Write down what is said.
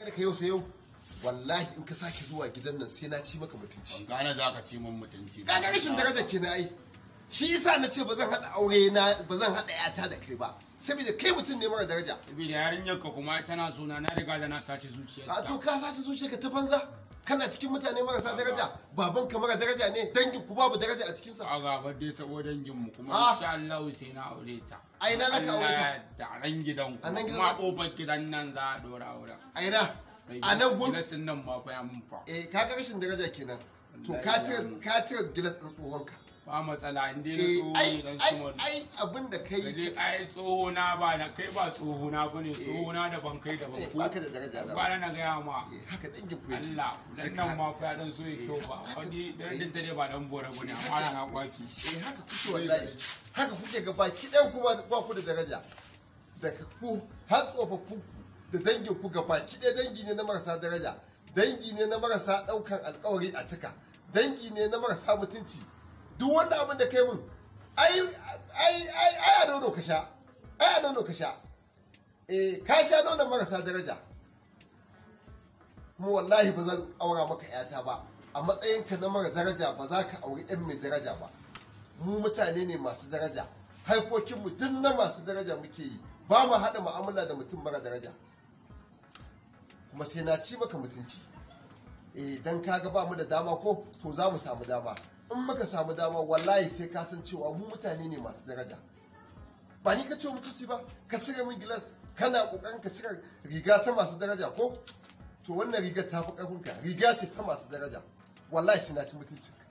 kada ka yau wasu yau wallahi in ka sake zuwa gidan nan sai na ci maka mutunci gane za ka ci mun mutunci ka ga rashin darajar kenan shi yasa na ce ba zan haɗa aure na ba zan haɗa 'yata da kai ba saboda kai mutum ne mara daraja saboda yarinyar ka kuma tana zona na riga da na sace zuciya a to ka sace zuciya ka ta banza kana cikin mutane marasa daraja baban ka mara daraja ne dangin ku babu daraja a cikin sa a gaba dai ta dangin mu kuma ah. insha Allah sai na aure ta ai na ka aure ta da ran gidan ku kuma kofar gidan nan za a dora auren ai na a nan gun gilasin nan ma fa ya mun fa eh ka ga rashin daraja kenan to ka cire ka cire gilas din tsohon ka ba matsala in dai eh, tsoho ne dan shi mun ai abin da kai dai ai tsoho na ba na kai ba tsoho na bane eh. tsoho na daban kai daban ko eh, baka da daraja da ba na ga ma haka dan ki koyi Allah dan nan ma fa ya dan so ya kyau ba wani dan din dare ba dan bora bane amma na kwaci eh haka kuke wallahi haka kuke gaba ki dan ku ba ku da daraja daga ku har tsofaffin ku da dangin ku gaba ɗaya dangi ne na marasa daraja dangi ne na marasa ɗaukan alkawari a cika dangi ne na marasa mutunci duk wanda abin da kai mun ai ai ai ai a nono ka sha ai a nono ka sha eh ka sha nono marasa daraja kuma wallahi ba zan aura maka yata ba a matsayinka na mara daraja ba za ka auri yan mai daraja ba mu mutane ne masu daraja haifokinmu duk na masu daraja muke yi ba mu haɗa mu'amala da mutum mara daraja kuma sai na ci maka mutunci Idan eh, dan kaga ba mu da dama ko to za mu samu dama in muka samu dama wallahi sai ka san cewa mu mutane ne masu daraja ba ni ka ce mutunci ba ka cire min gilas kana kokarin ka cire riga ta masu daraja ko to wannan rigar ta fi ka riga ce ta masu daraja wallahi sai na ci mutuncinka